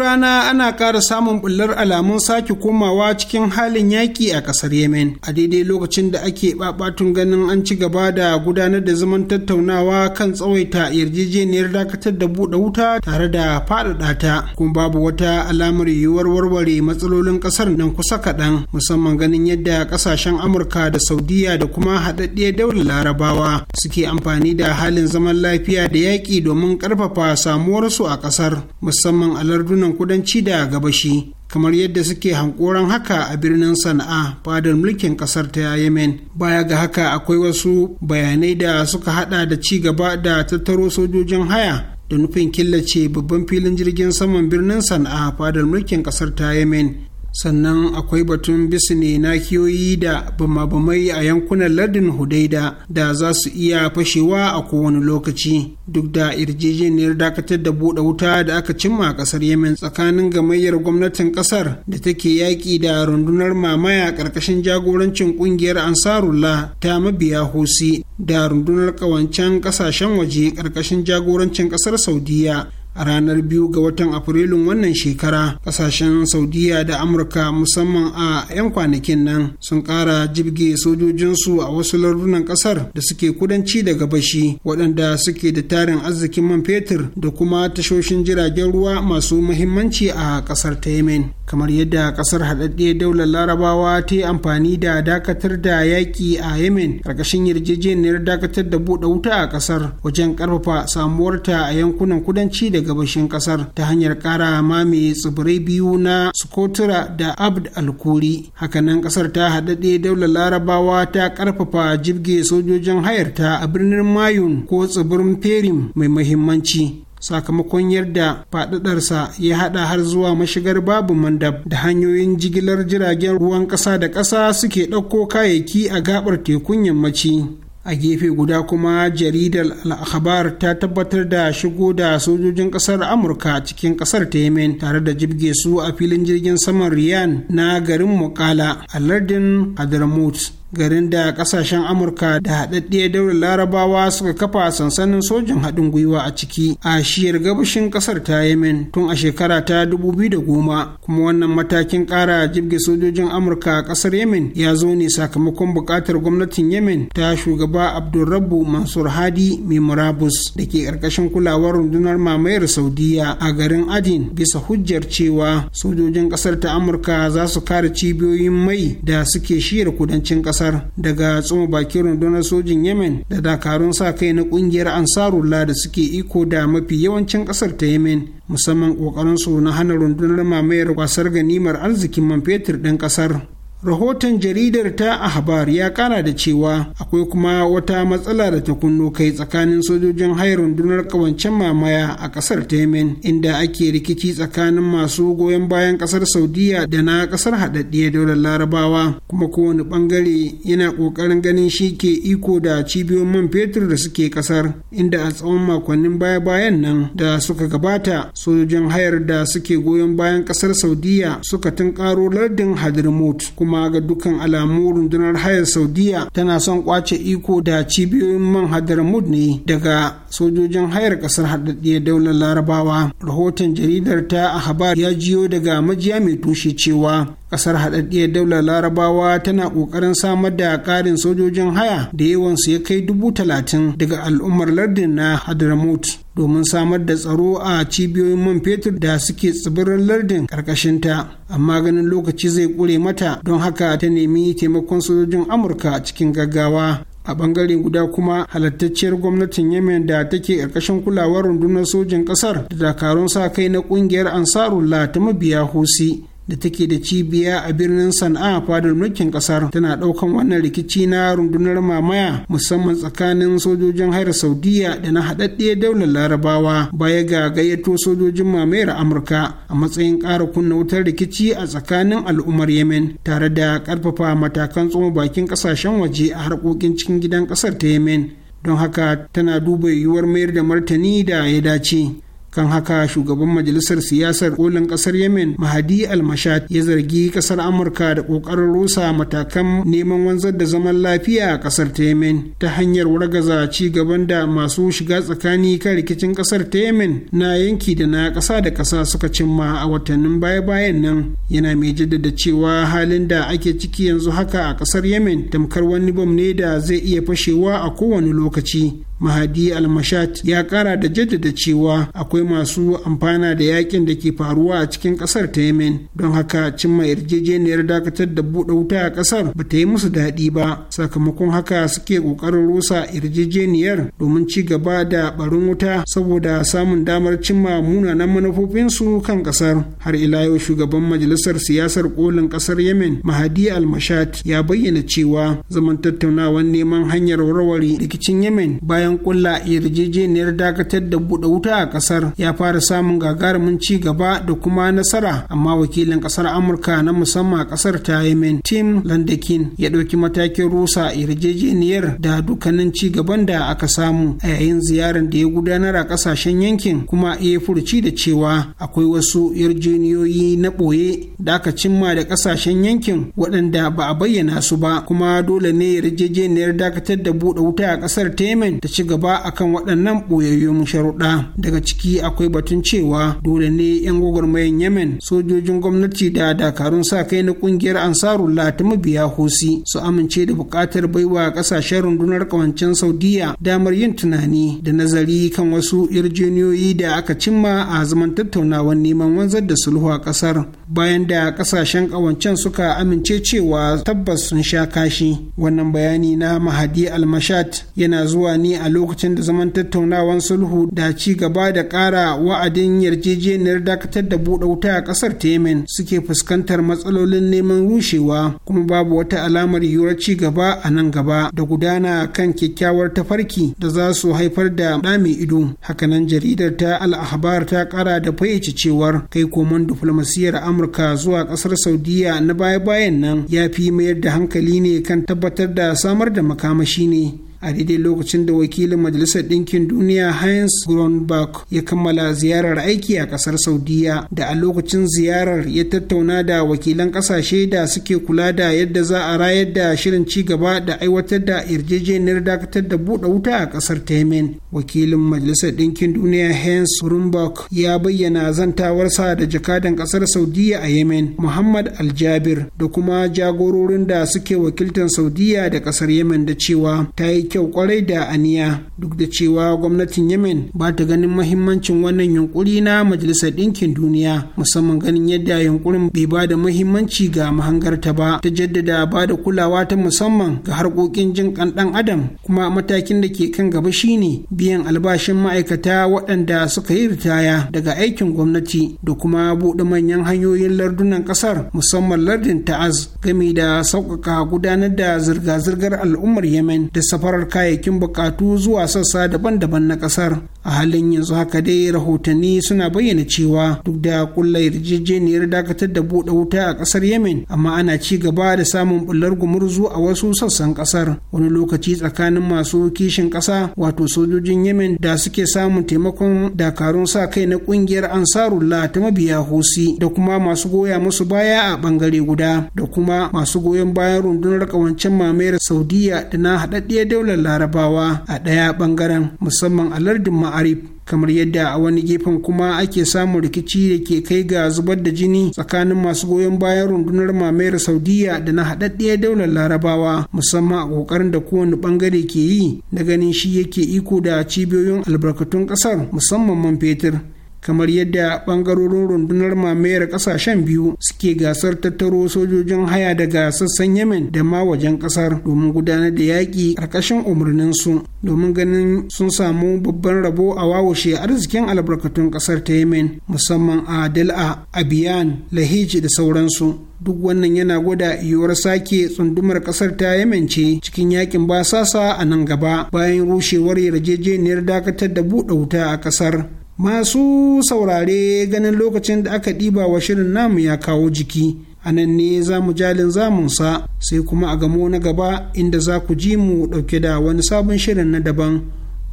rana ana ƙara samun bullar alamun sake komawa cikin halin yaƙi a ƙasar yemen a daidai lokacin da ake babatun ganin an ci gaba da gudanar da zaman tattaunawa kan tsawaita yarjejeniyar dakatar da buɗe wuta tare da faɗaɗa ta kuma babu wata alamar yiwuwar warware matsalolin ƙasar nan kusa kaɗan musamman ganin yadda ƙasashen amurka da saudiya da kuma haɗaɗɗiyar daular larabawa suke amfani da halin zaman lafiya da yaƙi domin ƙarfafa samuwarsu a ƙasar musamman a lardunan yankunan kudanci da gabashi kamar yadda suke hankoran haka a birnin sana'a fadar mulkin kasar ta yemen baya ga haka akwai wasu bayanai da suka hada da ci gaba da tattaro sojojin haya da nufin killace babban filin jirgin saman birnin sana'a fadar mulkin kasar ta yemen sannan akwai batun bisne nakiyoyi da bama a yankunan ladin hudaida da za su iya fashewa a kowane lokaci duk da yarjejeniyar dakatar da buɗe wuta da aka cimma a ƙasar yamin tsakanin gamayyar gwamnatin ƙasar da take yaƙi da rundunar mamaya ƙarƙashin jagorancin ƙungiyar ansarullah ta mabiya hosi da rundunar ƙawancen ƙasashen waje ƙarƙashin jagorancin ƙasar saudiya a ranar biyu ga watan afrilun wannan shekara kasashen saudiya da amurka musamman a 'yan kwanakin nan sun kara jibge sojojinsu a wasu larunan kasar da suke kudanci da gabashi waɗanda suke da tarin arzikin man fetur da kuma tashoshin jiragen ruwa masu muhimmanci a kasar ta yemen kamar yadda kasar haɗaɗɗiyar daular larabawa ta yi amfani da dakatar da yaƙi a yemen ƙarƙashin yarjejeniyar dakatar da buɗe wuta a kasar wajen ƙarfafa samuwarta a yankunan kudanci da da gabashin kasar ta hanyar kara mamaye tsibirai biyu na sukotura da abd alkuri hakanan kasar ta haɗaɗe daular larabawa ta ƙarfafa jibge sojojin hayarta a birnin mayun ko tsibirin perim mai mahimmanci sakamakon yadda faɗaɗarsa ya haɗa har zuwa mashigar babu mandab da hanyoyin jigilar jiragen ruwan ƙasa da ƙasa suke ɗauko kayayyaki a gaɓar tekun yammaci a gefe guda kuma jaridar al'akhbar ta tabbatar da shigo da sojojin kasar amurka cikin kasar ta yemen tare da jibge su a filin jirgin saman riyan na garin mukala a lardin hadramaut garin da kasashen amurka da haɗaɗɗiyar daular larabawa suka kafa sansanin sojin haɗin gwiwa a ciki a shiyar gabashin ƙasar ta yemen tun a shekara ta dubu biyu da goma kuma wannan matakin ƙara jibge sojojin amurka a ƙasar yemen ya zo ne sakamakon buƙatar gwamnatin yemen ta shugaba abdulrabu mansur hadi mai murabus da ke ƙarƙashin kulawar rundunar mamayar saudiya a garin adin bisa hujjar cewa sojojin ƙasar ta amurka za su kare cibiyoyin mai da suke shiyar kudancin ƙasar kasar daga tsoma bakin rundunar sojin yemen da dakarun sa kai na kungiyar ansarullah da suke iko da mafi yawancin kasar ta yemen musamman kokarin su na hana rundunar mamayar kwasar ganimar arzikin man fetur ɗin kasar rahoton jaridar ta ahbar ya kara da cewa akwai kuma wata matsala da ta kunno kai tsakanin sojojin hayar rundunar kawancen mamaya a kasar yemen inda ake rikici tsakanin masu goyon bayan kasar saudiya da na kasar haɗaɗɗiyar daular larabawa kuma kowane bangare yana ƙoƙarin ganin shi ke iko da cibiyoyin man fetur da suke kasar inda a tsawon makonnin baya-bayan nan da suka gabata sojojin hayar da suke goyon bayan kasar saudiya suka tun karo lardin hadrimut kuma kuma ga dukkan alamu rundunar hayar saudiya tana son kwace iko da cibiyoyin man hadramaut ne daga sojojin hayar kasar haɗaɗɗiyar daular larabawa rahoton jaridar ta habar ya jiyo daga majiya mai tushe cewa kasar haɗaɗɗiyar daular larabawa tana ƙoƙarin samar da ƙarin sojojin haya da yawansu ya kai dubu talatin daga al'ummar lardin na hadramut domin samar da tsaro a cibiyoyin man fetur da suke tsibirin lardin ƙarƙashinta amma ganin lokaci zai kure mata don haka ta nemi taimakon sojojin amurka cikin gaggawa a bangare guda kuma halattacciyar gwamnatin yemen da take karkashin kulawar rundunar sojin kasar da dakarun sa kai na kungiyar ansarullah ta mabiya hosi da take da cibiya a birnin sana'a fadar mulkin kasar tana daukan wannan rikici na rundunar mamaya musamman tsakanin sojojin hayar saudiya da na haɗaɗɗe daular larabawa baya ga gayyato sojojin mamayar amurka a matsayin ƙara kunna wutar rikici a tsakanin al'ummar yemen tare da ƙarfafa matakan tsoma bakin ƙasashen waje a harkokin cikin gidan ƙasar ta yemen don haka tana duba yiwuwar mayar da martani da ya dace kan haka shugaban majalisar siyasar kolin kasar yemen mahadi almashat ya zargi kasar amurka da kokarin rusa matakan neman wanzar da zaman lafiya a kasar ta yemen ta hanyar wargaza ci gaban da masu shiga tsakani kan rikicin kasar ta yemen na yanki da na kasa da kasa suka cimma a watannin baya-bayan nan yana mai jaddada cewa halin da ake ciki yanzu haka a kasar yemen tamkar wani bom ne da zai iya fashewa a kowane lokaci mahadi almashat ya kara da jaddada cewa akwai masu amfana da yakin da ke faruwa a cikin kasar ta yemen don haka cimma yarjejeniyar dakatar da buɗe wuta a kasar ba ta yi musu daɗi ba sakamakon haka suke ƙoƙarin rusa yarjejeniyar domin ci gaba da barin wuta saboda samun damar cimma munanan manufofinsu kan kasar har ila yau shugaban majalisar siyasar kolin kasar yemen mahadi almashat ya bayyana cewa zaman tattaunawar neman hanyar warware rikicin yemen bayan bayan kulla yarjejeniyar dakatar da buɗe wuta a ƙasar ya fara samun gagarumin ci gaba da kuma nasara amma wakilin ƙasar amurka na musamman a ƙasar ta yemen tim landakin ya ɗauki matakin rusa yarjejeniyar da dukkanin ci gaban da aka samu a yayin ziyarar da ya gudanar a ƙasashen yankin kuma ya furci da cewa akwai wasu yarjejeniyoyi na ɓoye da aka cimma da ƙasashen yankin waɗanda ba a bayyana su ba kuma dole ne yarjejeniyar dakatar da buɗe wuta a ƙasar ta yemen ta ci ci gaba akan waɗannan ɓoyayyun sharuɗa daga ciki akwai batun cewa dole ne 'yan gwagwarmayan yemen sojojin gwamnati da dakarun sa kai na ƙungiyar ansarullah ta mabiya hosi su amince da buƙatar baiwa ƙasashen rundunar ƙawancen saudiya damar yin tunani da nazari kan wasu yarjejeniyoyi da aka cimma a zaman tattaunawar neman wanzar da sulhu a ƙasar bayan da ƙasashen ƙawancen suka amince cewa tabbas sun sha kashi wannan bayani na mahadi almashat yana zuwa ne a lokacin da zaman tattaunawan sulhu da ci gaba da ƙara wa'adin yarjejeniyar dakatar da buɗe wuta a ƙasar ta yemen suke fuskantar matsalolin neman rushewa kuma babu wata alamar yiwuwar ci gaba a nan gaba da gudana kan kyakkyawar tafarki da za su haifar da ɗame ido hakanan jaridar ta al'ahbar ta ƙara da fayyace cewar kai koman diflomasiyyar amurka zuwa ƙasar saudiya na baya-bayan nan ya fi mayar da hankali ne kan tabbatar da samar da makamashi ne a daidai lokacin da wakilin majalisar ɗinkin duniya heinz grunberg ya kammala ziyarar aiki a ƙasar saudiya da a lokacin ziyarar ya tattauna da wakilan ƙasashe da suke kula da yadda za a rayar da shirin ci gaba da aiwatar da yarjejeniyar dakatar da buɗe wuta a ƙasar yemen wakilin majalisar ɗinkin duniya heinz grunberg ya bayyana zantawarsa da jakadan ƙasar saudiya a yemen muhammad aljabir da kuma jagororin da suke wakiltar saudiya da ƙasar yemen da cewa ta yi kyau kwarai da aniya duk da cewa gwamnatin yemen ba ta ganin mahimmancin wannan yunkuri na majalisar ɗinkin duniya musamman ganin yadda yunkurin bai ba da mahimmanci ga mahangarta ba ta jaddada ba da kulawa ta musamman ga harkokin jin kan ɗan adam kuma matakin da ke kan gaba shine biyan albashin ma'aikata waɗanda suka yi ritaya daga aikin gwamnati da kuma buɗe manyan hanyoyin lardunan ƙasar musamman lardin ta'az game da sauƙaƙa gudanar da zirga-zirgar al'ummar yemen da safarar safarar kayayyakin bukatu zuwa sassa daban-daban na kasar a halin yanzu haka dai rahotanni suna bayyana cewa duk da kulla yarjejeniyar dakatar da buɗe wuta a kasar yemen amma ana ci gaba da samun bullar gumurzu a wasu sassan kasar wani lokaci tsakanin masu kishin kasa wato sojojin yemen da suke samun taimakon dakarun sa kai na kungiyar ansarullah ta mabiya hosi da kuma masu goya musu baya a bangare guda da kuma masu goyon bayan rundunar kawancen mamayar saudiya da na haɗaɗɗiyar daular larabawa a ɗaya ɓangaren musamman a lardin ma'arif kamar yadda a wani gefen kuma ake samun rikici da ke kai ga zubar da jini tsakanin masu goyon bayan rundunar mamayar saudiya da na haɗaɗɗiyar daular larabawa musamman a ƙoƙarin da kowane ɓangare ke yi na ganin shi yake iko da cibiyoyin albarkatun ƙasar musamman man fetur kamar yadda ɓangarorin rundunar mamayar ƙasashen biyu suke gasar tattaro sojojin haya daga sassan yemen da ma wajen ƙasar. domin gudanar da yaƙi ƙarƙashin umarnin su domin ganin sun samu babban rabo a wawashe arzikin albarkatun ƙasar ta yemen musamman a dal'a abiyan lahiji da sauransu duk wannan yana gwada yiwuwar sake tsundumar kasar ta yamen ce cikin yakin basasa a nan gaba bayan rushewar yarjejeniyar dakatar da buɗe wuta a kasar Masu saurare ganin lokacin da aka ɗiba wa shirin namu ya kawo jiki. A nan ne za mu jalin zamunsa sai kuma a gamo na gaba inda za ku ji mu ɗauke da wani sabon shirin na daban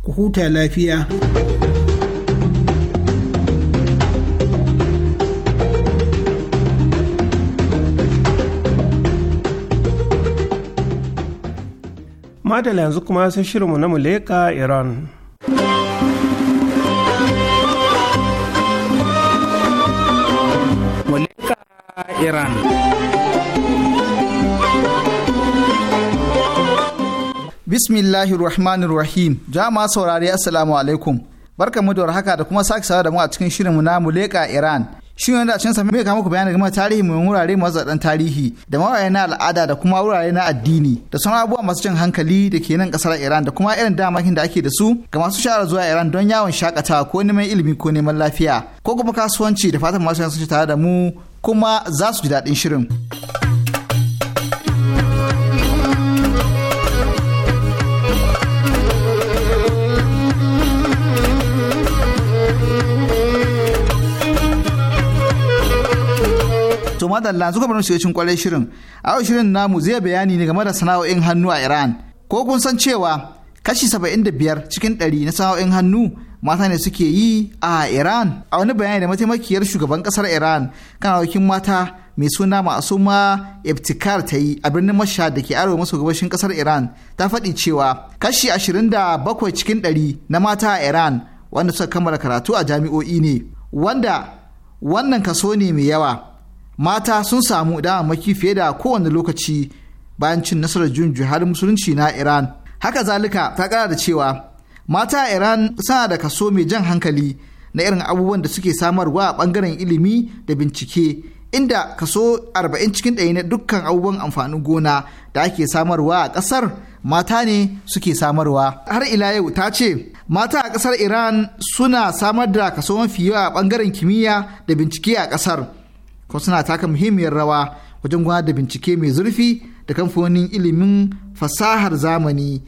ku huta lafiya. Madala yanzu kuma sai shirinmu na Muleka Iran. iran bismillahirrahmanirrahim jama'a saurari assalamu alaikum barka mu da warhaka da kuma sake sawa da mu a cikin shirin mu na muleka iran shi wanda a cikin sa mai kama ku bayani game tarihi mai wurare masu dan tarihi da mawaye na al'ada da kuma wurare na addini da sauran abubuwa masu jan hankali da ke nan kasar iran da kuma irin damakin da ake da su ga masu shahara zuwa iran don yawon shakatawa ko neman ilimi ko neman lafiya ko kuma kasuwanci da fatan masu su tare da mu kuma za su ji daɗin shirin. to madalla suka bar shiga cikin kwarai shirin a yau shirin namu zai bayani ne game da sana'o'in hannu a Iran ko kun san cewa kashi 75 cikin 100 na sana'o'in hannu mata ne suke yi a Iran. A wani bayani da mataimakiyar shugaban kasar Iran kan aukin mata mai suna Ma'asuma Iftikar ta yi a birnin Mashhad da ke arewa maso gabashin kasar Iran ta faɗi cewa kashi 27 cikin 100 na mata a Iran wanda suka kammala karatu a jami'o'i ne wanda wannan kaso ne mai yawa mata sun samu maki fiye da kowane lokaci bayan cin nasarar jun musulunci na Iran. haka zalika ta kara da cewa mata a iran suna da kaso mai jan hankali na irin abubuwan da suke samarwa a bangaren ilimi da bincike inda kaso 40 cikin ɗaya na dukkan abubuwan amfanin gona da ake samarwa a ƙasar mata ne suke samarwa har ila yau ta ce mata a ƙasar iran suna samar da kaso mafi yawa a bangaren kimiyya da bincike a ƙasar kuma suna taka muhimmiyar rawa wajen gudanar da bincike mai zurfi da kamfanin ilimin fasahar zamani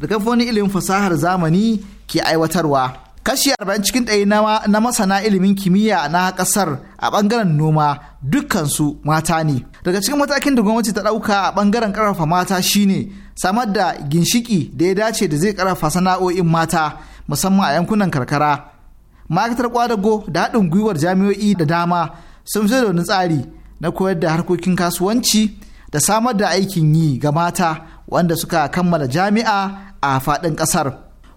da kamfanin ilimin fasahar zamani ke aiwatarwa kashi 40 cikin ɗari na masana ilimin kimiyya na ƙasar a ɓangaren noma dukkansu mata ne daga cikin matakin da gwamnati ta ɗauka a ɓangaren ƙarfafa mata shine samar da ginshiki da ya dace da zai ƙarfafa sana'o'in mata musamman a yankunan karkara ma'aikatar kwadago da haɗin gwiwar jami'o'i da dama sun fi da wani tsari na koyar da harkokin kasuwanci da samar da aikin yi ga mata wanda suka kammala jami'a a faɗin ƙasar.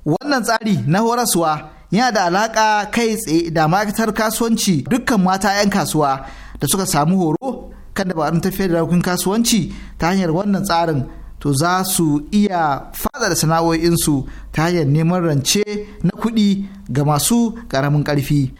Wannan tsari na horaswa yana da alaƙa kai tsaye da ma'aikatar kasuwanci dukkan mata 'yan kasuwa da suka samu horo kan dabarun tafiyar da harkokin kasuwanci ta hanyar wannan tsarin to za su iya da sana'o'insu ta hanyar neman rance na kuɗi ga masu ƙaramin ƙarfi.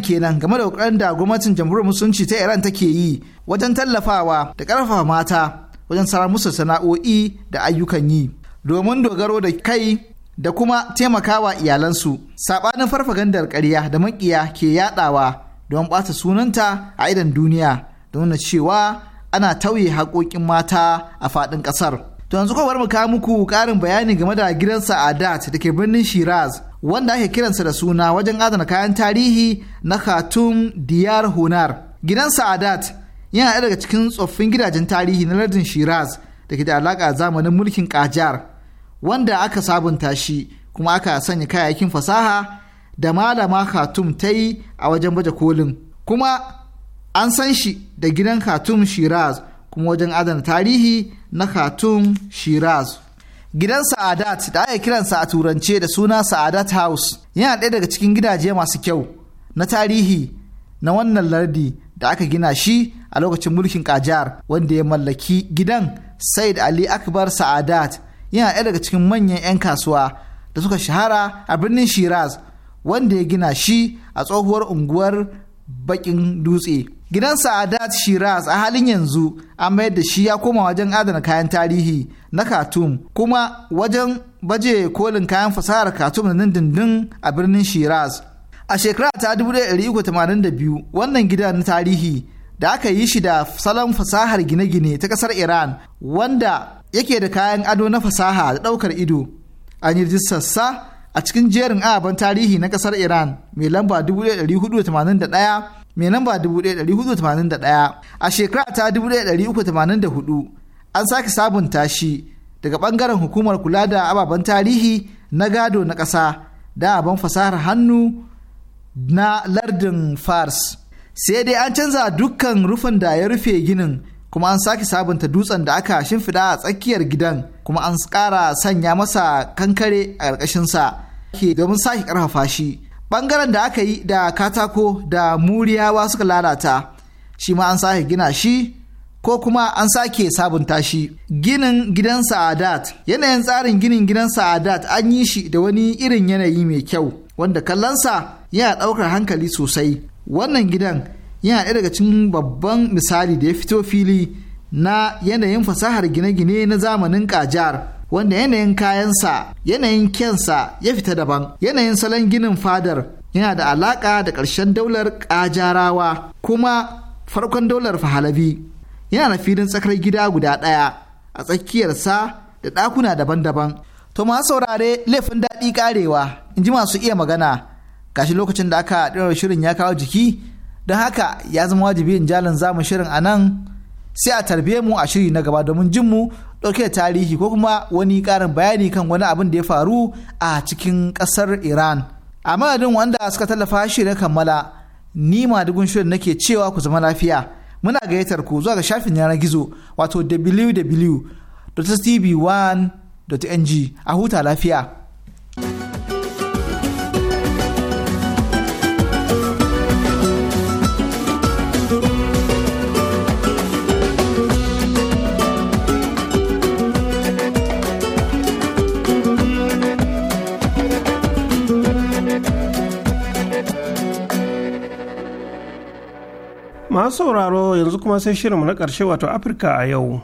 wannan kenan game da ƙoƙarin da gwamnatin jamhuriyar musulunci ta Iran take yi wajen tallafawa da ƙarfafa mata wajen sarar musu sana'o'i da ayyukan yi domin dogaro da kai da kuma taimakawa iyalansu sabanin farfagandar ƙarya da makiya ke yaɗawa don ɓata sunanta a idan duniya don cewa ana tauye haƙoƙin mata a faɗin ƙasar. To yanzu kawar mu kawo muku ƙarin bayani game da gidan Sa'adat da ke birnin Shiraz wanda ake kiransa da suna wajen adana kayan tarihi na Khatun Diyar Hunar. Gidan Sa'adat yana ɗaya daga cikin tsoffin gidajen tarihi na lardin Shiraz da ke da alaƙa zamanin mulkin ƙajar. wanda aka sabunta shi kuma aka sanya kayayyakin fasaha da malama Khatum ta yi a wajen baje kolin. Kuma an san shi da gidan Khatum Shiraz kuma wajen adana tarihi na Khatum Shiraz. Gidan Sa'adat da aka kiransa a turance da suna Sa'adat House yana ɗaya daga cikin gidaje masu kyau na tarihi na wannan lardi da aka gina shi a lokacin mulkin Kajar wanda ya mallaki gidan Said Ali Akbar Sa'adat yana ɗaya daga cikin manyan 'yan kasuwa da suka shahara a birnin Shiraz wanda ya gina shi a tsohuwar unguwar Bakin Dutse. Gidan Sa'adat Shiraz a halin yanzu an mayar da shi ya koma wajen adana kayan tarihi na Khartoum kuma wajen baje kolin kayan fasahar Khartoum da dindindin a birnin Shiraz. A shekara ta 1982 wannan gida na tarihi da aka yi shi da salon fasahar gine-gine ta kasar Iran wanda yake da kayan ado na fasaha da daukar ido. An yi a cikin jerin ababen tarihi na kasar Iran mai lamba 1481 mai namba 1481 a shekara ta 1384 an sake sabunta shi daga bangaren hukumar kula da ababen tarihi na gado na ƙasa da abin fasahar hannu na lardin fars sai dai an canza dukkan rufin da ya rufe ginin kuma an sake sabunta dutsen da aka shimfida a tsakiyar gidan kuma an ƙara sanya masa kankare a ƙarƙashinsa domin sake ƙarfafa shi Bangaren da aka yi da katako da muriyawa suka lalata shi ma an sake gina shi ko kuma an sake sabunta shi. Ginin gidan Sa'adat yanayin tsarin ginin gidan Sa'adat an yi shi da wani irin yanayi mai kyau wanda kallonsa yana ɗaukar hankali sosai. Wannan gidan yana ɗaya daga cikin babban misali da ya fito fili na yanayin fasahar gine-gine na zamanin kajar wanda yanayin kayansa yanayin kyansa ya fita daban yanayin salon ginin fadar yana da alaƙa da ƙarshen daular ƙajarawa kuma farkon daular fahalabi yana da filin tsakar gida guda ɗaya a tsakiyarsa da ɗakuna daban-daban to masu saurare laifin daɗi ƙarewa in ji masu iya magana gashi lokacin da aka ɗora shirin ya kawo jiki don haka ya zama wajibi in jalin zamu shirin a nan sai a tarbe mu a shiri na gaba domin jin mu ɗauke da tarihi ko kuma wani ƙarin bayani kan wani abin da ya faru a cikin ƙasar Iran. A madadin wanda suka tallafa shi na kammala, ni ma madugun shirin nake cewa ku zama lafiya. Muna gayyatar ku zuwa ga shafin yanar gizo wato www.tv1.ng a huta lafiya. masu sauraro yanzu kuma sai shirinmu na ƙarshe wato afirka a yau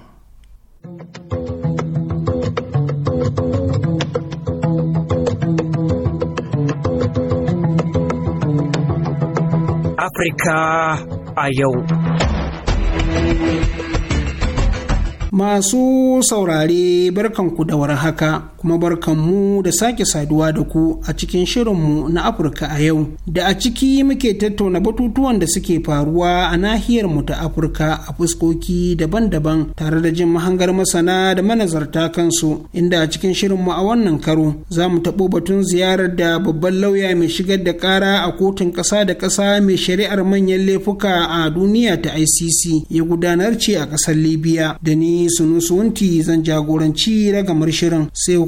afirka a yau Masu saurare barkanku da warhaka. haka. kuma barkanmu da sake saduwa da ku a cikin shirinmu na Afirka a yau da a ciki muke tattauna batutuwan da suke faruwa a nahiyar mu ta Afirka a fuskoki daban-daban tare da jin mahangar masana da manazarta kansu inda a cikin shirinmu a wannan karo za mu taɓo batun ziyarar da babban lauya mai shigar da ƙara a kotun ƙasa da ƙasa mai shari'ar manyan laifuka a duniya ta ICC ya gudanar ce a ƙasar Libya da ni Sunusunti zan jagoranci ragamar shirin sai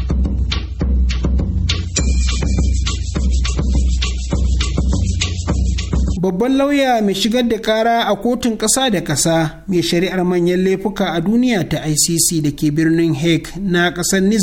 babban lauya mai shigar da kara a kotun ƙasa da ƙasa mai shari'ar manyan laifuka a duniya ta icc da ke birnin hague na ƙasar new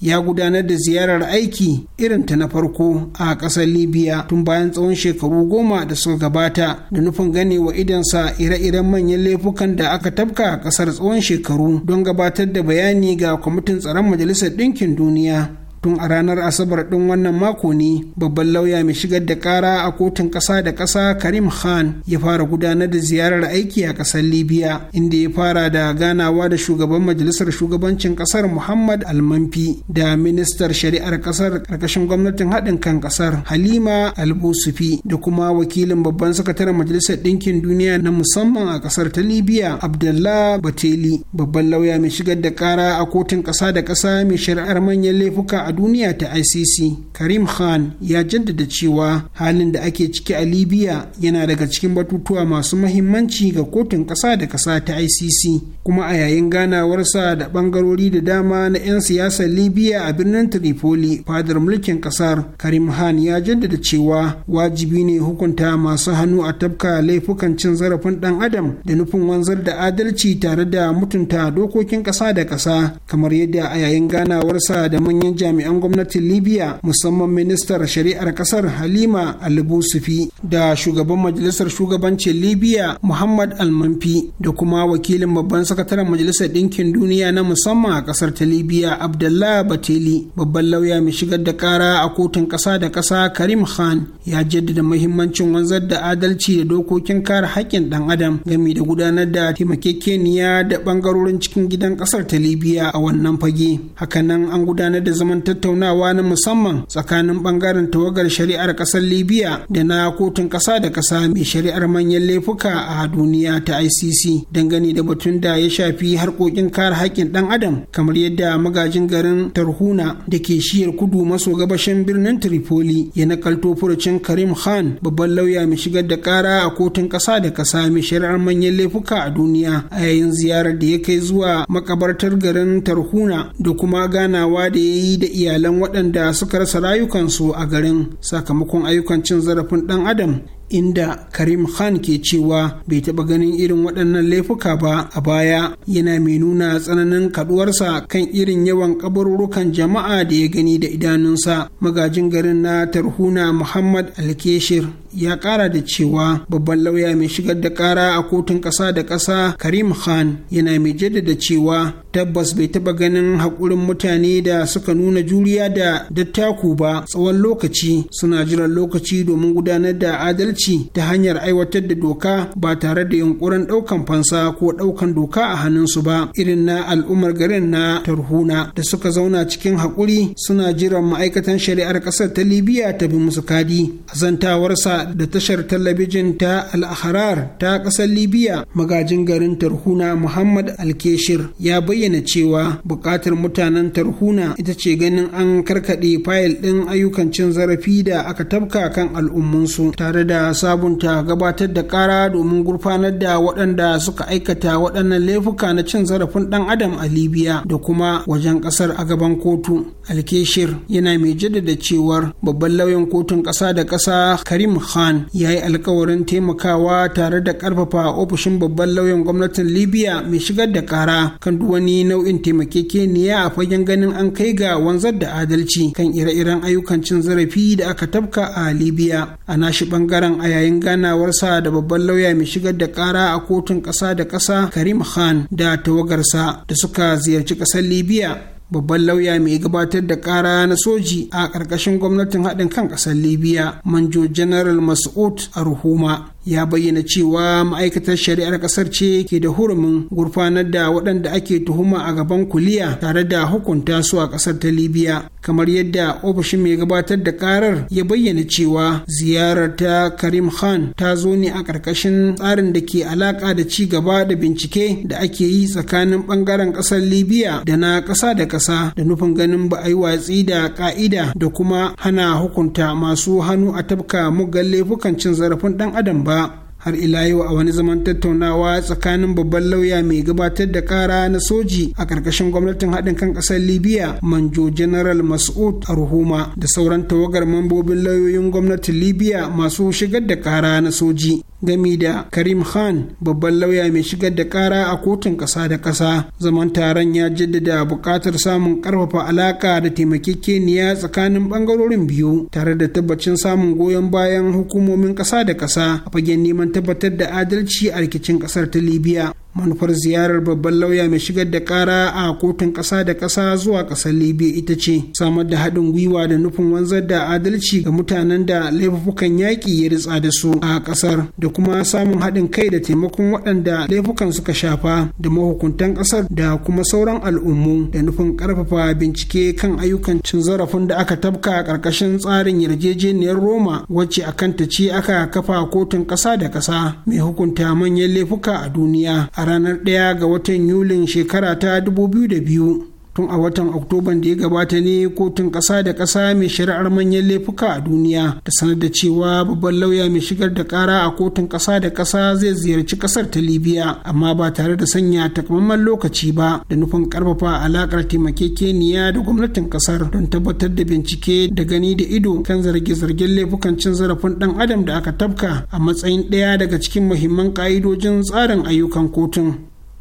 ya gudanar da ziyarar aiki irin ta na farko a ƙasar libya tun bayan tsawon shekaru goma da suka gabata da nufin gane wa idansa ire-iren manyan laifukan da aka tabka a ƙasar tsawon shekaru don gabatar da bayani ga kwamitin tsaron majalisar ɗinkin duniya tun a ranar asabar ɗin wannan mako ne babban lauya mai shigar da ƙara a kotun ƙasa da ƙasa karim khan ya fara gudanar da ziyarar aiki a ƙasar libya inda ya fara da ganawa da shugaban majalisar shugabancin ƙasar muhammad almanfi da ministar shari'ar ƙasar ƙarƙashin gwamnatin haɗin kan ƙasar halima albusufi da kuma wakilin babban sakataren majalisar ɗinkin duniya na musamman a ƙasar ta libya abdullah bateli babban lauya mai shigar da ƙara a kotun ƙasa da ƙasa mai shari'ar manyan laifuka a duniya ta ICC, Karim Khan ya jaddada cewa halin da ake ciki a Libya yana daga cikin batutuwa masu mahimmanci ga kotun ƙasa da ƙasa ta ICC, kuma a yayin ganawarsa da ɓangarori da dama na 'yan siyasar Libya a birnin Tripoli, fadar mulkin ƙasar, Karim Khan ya jaddada cewa wajibi ne hukunta masu hannu a tabka laifukan cin zarafin ɗan adam da nufin wanzar da adalci tare da mutunta dokokin ƙasa da ƙasa, kamar yadda a yayin ganawarsa da manyan jami'an jami'an gwamnatin libya musamman ministar shari'ar kasar halima alibusufi da shugaban majalisar shugabancin libya muhammad almanfi da kuma wakilin babban sakataren majalisar ɗinkin duniya na musamman a kasar ta libya abdullah bateli babban lauya mai shigar da kara a kotun ƙasa da ƙasa karim khan ya jaddada muhimmancin wanzar da adalci da dokokin kare haƙƙin ɗan adam game da gudanar da taimakekeniya da ɓangarorin cikin gidan ƙasar ta libya a wannan fage hakanan an gudanar da zaman tattaunawa na musamman tsakanin bangaren tawagar shari'ar ƙasar libya da na kotun ƙasa da ƙasa mai shari'ar manyan laifuka a duniya ta icc dangane da batun da ya shafi harkokin kare haƙƙin ɗan adam kamar yadda magajin garin tarhuna da ke shiyar kudu maso gabashin birnin tripoli ya nakalto furucin karim khan babban lauya mai shigar da ƙara a kotun ƙasa da ƙasa mai shari'ar manyan laifuka a duniya a yayin ziyarar da ya kai zuwa makabartar garin tarhuna da kuma ganawa da ya yi da iyalan waɗanda suka rasa rayukansu a garin sakamakon ayyukan cin zarafin ɗan adam inda Karim Khan ke cewa bai taɓa ganin irin waɗannan laifuka ba a baya yana mai nuna tsananin kaduwarsa kan irin yawan kabarurukan jama'a da ya gani da idanunsa magajin garin na tarhuna Muhammad Alkeshir ya ƙara da cewa babban lauya mai shigar da ƙara a kotun ƙasa da ƙasa Karim Khan yana mai jaddada cewa tabbas bai taɓa ganin haƙurin mutane da suka nuna juriya da dattaku ba tsawon lokaci suna jiran lokaci domin gudanar da adalci adalci ta hanyar aiwatar da doka ba tare da yunkurin ɗaukan fansa ko ɗaukan doka a hannunsu ba irin na al'ummar garin na tarhuna da suka zauna cikin haƙuri suna jiran ma'aikatan shari'ar ƙasar ta libiya ta bi musu kadi azantawarsa zantawarsa da tashar talabijin ta al'ahrar ta ƙasar libiya magajin garin tarhuna muhammad alkeshir ya bayyana cewa buƙatar mutanen tarhuna ita ce ganin an karkaɗe fayil ɗin ayyukan cin zarafi da aka tabka kan al'ummansu tare da sabunta gabatar da ƙara domin gurfanar da waɗanda suka aikata waɗannan laifuka na cin zarafin ɗan adam a libya da kuma wajen ƙasar a gaban kotu alkeshir yana mai jaddada cewar babban lauyan kotun ƙasa da ƙasa karim khan ya yi alkawarin taimakawa tare da ƙarfafa ofishin babban lauyan gwamnatin libya mai shigar da ƙara kan duk wani nau'in taimakekeniya a fagen ganin an kai ga wanzar da adalci kan ire-iren ayyukan cin zarafi da aka tabka a libya a nashi bangaren a yayin ganawarsa da babban lauya mai shigar da kara a kotun ƙasa da ƙasa karim khan da tawagarsa da suka ziyarci ƙasar libya babban lauya mai gabatar da kara na soji a ƙarƙashin gwamnatin haɗin kan ƙasar libya manjo general mas'ud arhuma. ya bayyana cewa ma'aikatar shari'ar kasar ce ke da hurumin gurfanar da waɗanda ake tuhuma a gaban kuliya tare da hukunta su a kasar ta libya kamar yadda ofishin mai gabatar da karar ya bayyana cewa ziyarar ta karim khan ta zo ne a ƙarƙashin tsarin da ke alaƙa da ci gaba da bincike da ake yi tsakanin ɓangaren ƙasar libya da na ƙasa da ƙasa da nufin ganin ba a yi watsi da ƙa'ida da kuma hana hukunta masu hannu a tabka muggan laifukan cin zarafin ɗan adam ba تعالى har ila yau a wani zaman tattaunawa tsakanin babban lauya mai gabatar da kara na soji a ƙarƙashin gwamnatin haɗin kan ƙasar libya manjo general mas'ud arhuma da sauran tawagar mambobin lauyoyin gwamnatin libya masu shigar da kara na soji gami da karim khan babban lauya mai shigar da kara a kotun ƙasa da ƙasa zaman taron ya jaddada buƙatar samun ƙarfafa alaƙa da taimakekeniya tsakanin ɓangarorin biyu tare da tabbacin samun goyon bayan hukumomin ƙasa da ƙasa a fagen neman tabbatar da adalci a rikicin kasar ta libya manufar ziyarar babban lauya mai shigar da kara a kotun ƙasa da ƙasa zuwa ƙasar libya ita ce samar da haɗin gwiwa da nufin wanzar da adalci ga mutanen da laifukan yaƙi ya ritsa da su a ƙasar da kuma samun haɗin kai da taimakon waɗanda laifukan suka shafa da mahukuntan ƙasar da kuma sauran al'ummu da nufin ƙarfafa bincike kan ayyukan cin zarafin da aka tabka ƙarƙashin tsarin yarjejeniyar roma wacce a kanta ce aka kafa kotun ƙasa da ƙasa mai hukunta manyan laifuka a duniya a ranar 1 ga watan yulin shekara ta 2002 tun a watan oktoban da ya gabata ne kotun ƙasa da ƙasa mai shari'ar manyan laifuka a duniya da sanar da cewa babban lauya mai shigar da ƙara a kotun ƙasa da ƙasa zai ziyarci ƙasar ta libya amma ba tare da sanya takamaiman lokaci ba da nufin ƙarfafa alaƙar taimakekeniya da gwamnatin ƙasar don tabbatar da bincike da gani da ido kan zarge-zargen laifukan cin zarafin ɗan adam da aka tabka a matsayin ɗaya daga cikin muhimman ƙa'idojin tsarin ayyukan kotun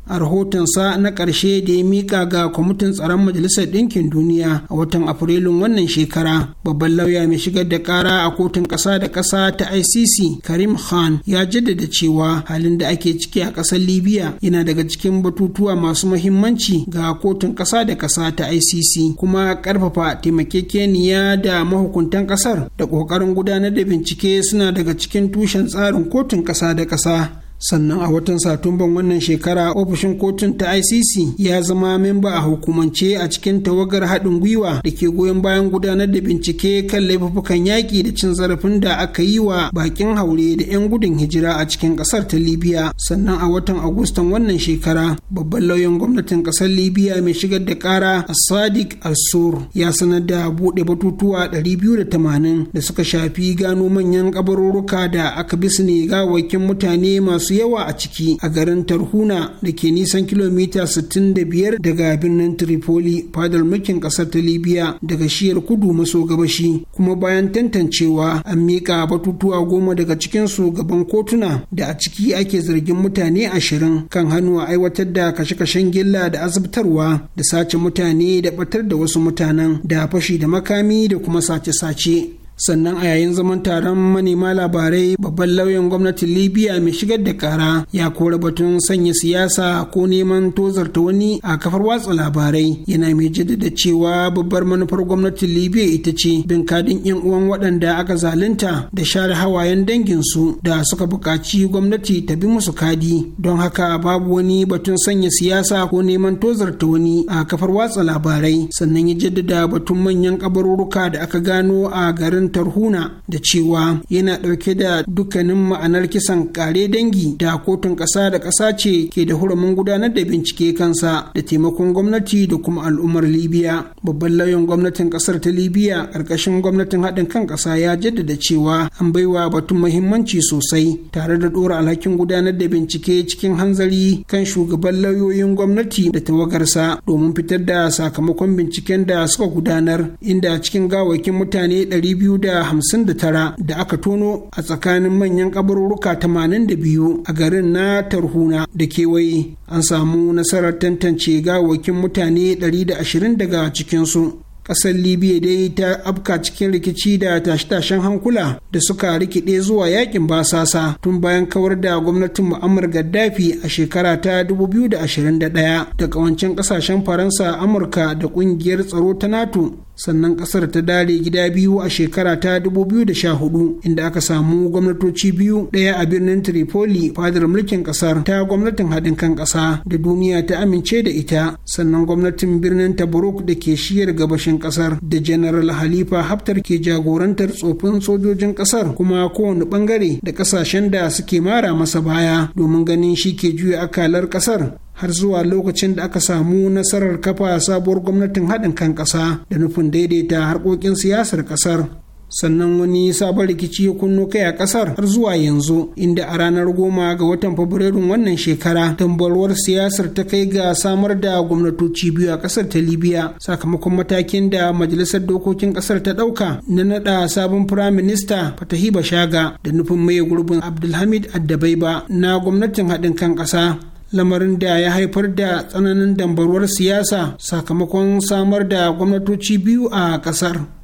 a rahotonsa na ƙarshe da ya mika ga kwamitin tsaron majalisar ɗinkin duniya a watan afrilun wannan shekara babban lauya mai shigar da ƙara a kotun ƙasa da ƙasa ta icc karim khan ya jaddada cewa halin da ake ciki a ƙasar libya yana daga cikin batutuwa masu muhimmanci ga kotun ƙasa da ƙasa ta icc kuma ƙarfafa taimakekeniya da mahukuntan ƙasar da ƙoƙarin gudanar da bincike suna daga cikin tushen tsarin kotun ƙasa da ƙasa sannan a watan satumban wannan shekara ofishin kotun ta icc ya zama memba a hukumance a cikin tawagar haɗin gwiwa da ke goyon bayan gudanar da bincike kan laifukan yaƙi da cin zarafin da aka yi wa bakin haure da 'yan gudun hijira a cikin ƙasar ta libya sannan a watan agustan wannan shekara babban lauyan gwamnatin ƙasar libya mai shigar da ƙara sadiq al-sur ya sanar da buɗe batutuwa 280 da suka shafi gano manyan kabarurruka da aka bi su ne gawakin mutane masu masu yawa a ciki a garin tarhuna da ke nisan kilomita 65 daga birnin tripoli fadar mulkin kasar ta libya daga shiyar kudu maso gabashi kuma bayan tantancewa an miƙa batutuwa goma daga su gaban kotuna da a ciki ake zargin mutane ashirin kan hannu a aiwatar da kashe-kashen gilla da azabtarwa da sace mutane da batar da wasu mutanen da fashi da makami da kuma sace-sace sannan a yayin zaman taron manema labarai babban lauyan gwamnatin libya mai shigar da kara ya kora batun sanya siyasa ko neman tozarta wani a kafar watsa labarai yana mai jaddada cewa babbar manufar gwamnatin libya ita ce bin kadin yan uwan waɗanda aka zalunta da share hawayen danginsu da suka buƙaci gwamnati ta bi musu kadi don haka babu wani batun sanya siyasa ko neman tozarta wani a kafar watsa labarai sannan ya jaddada batun manyan kabaruruka da aka gano a garin kisan tarhuna da cewa yana ɗauke da dukkanin ma'anar kisan kare dangi da kotun ƙasa da ƙasa ce ke da hurumin gudanar da bincike kansa da taimakon gwamnati da kuma al'ummar libya babban lauyan gwamnatin ƙasar ta libya ƙarƙashin gwamnatin haɗin kan ƙasa ya jaddada cewa an baiwa batun muhimmanci sosai tare da ɗora alhakin gudanar da bincike cikin hanzari kan shugaban lauyoyin gwamnati da tawagarsa domin fitar da sakamakon binciken da suka gudanar inda cikin gawakin mutane 200 259 da aka tono a tsakanin manyan kabarurruka 82 a garin na tarhuna da kewaye an samu nasarar tantance gawakin mutane 120 daga cikinsu kasar Libya dai ta afka cikin rikici da tashe-tashen hankula da suka rikide zuwa yakin basasa tun bayan kawar da gwamnatin Muammar Gaddafi a shekara ta 2021 da ƙawancen ƙasashen Faransa, Amurka da ƙungiyar tsaro ta NATO. sannan kasar ta dare gida biyu a shekara ta 2014 inda aka samu gwamnatoci biyu daya a birnin Tripoli fadar mulkin kasar ta gwamnatin haɗin kan ƙasa da duniya ta amince da ita sannan gwamnatin birnin Tabaruk da ke shiyar gabashin sojojin kasar da general halifa haftar ke jagorantar tsofin sojojin kasar kuma kowane bangare da kasashen da suke mara masa baya domin ganin shi ke juya akalar kasar har zuwa lokacin da aka samu nasarar kafa sabuwar gwamnatin haɗin kan ƙasa da nufin daidaita harkokin siyasar ƙasar sannan wani sabon rikici ya kunno kai a kasar har zuwa yanzu inda a ranar goma ga watan fabrairun wannan shekara tambarwar siyasar ta kai ga samar da gwamnatoci biyu a kasar ta libya sakamakon matakin da majalisar dokokin kasar ta dauka na nada sabon firaminista fatahi bashaga da nufin mai gurbin abdulhamid addabai ba na gwamnatin haɗin kan ƙasa lamarin da ya haifar da tsananin dambarwar siyasa sakamakon samar da gwamnatoci biyu a ƙasar.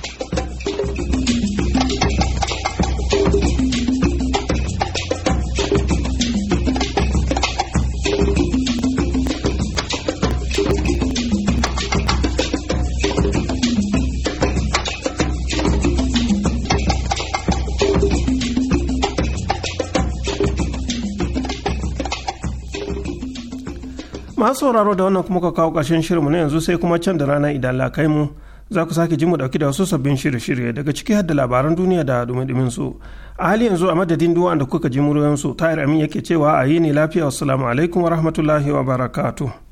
masu sauraro da wannan kuma ka kawo ƙarshen shirinmu na yanzu sai kuma can da rana idan lakai mu za ku sake ji mu dauki da wasu sabbin shirye-shirye daga ciki har da labaran duniya da dumi su a hali yanzu a madadin duwan da kuka ji muryoyin su tayar amin yake cewa a yi ne lafiya wasu alaikum wa rahmatullahi wa barakatu.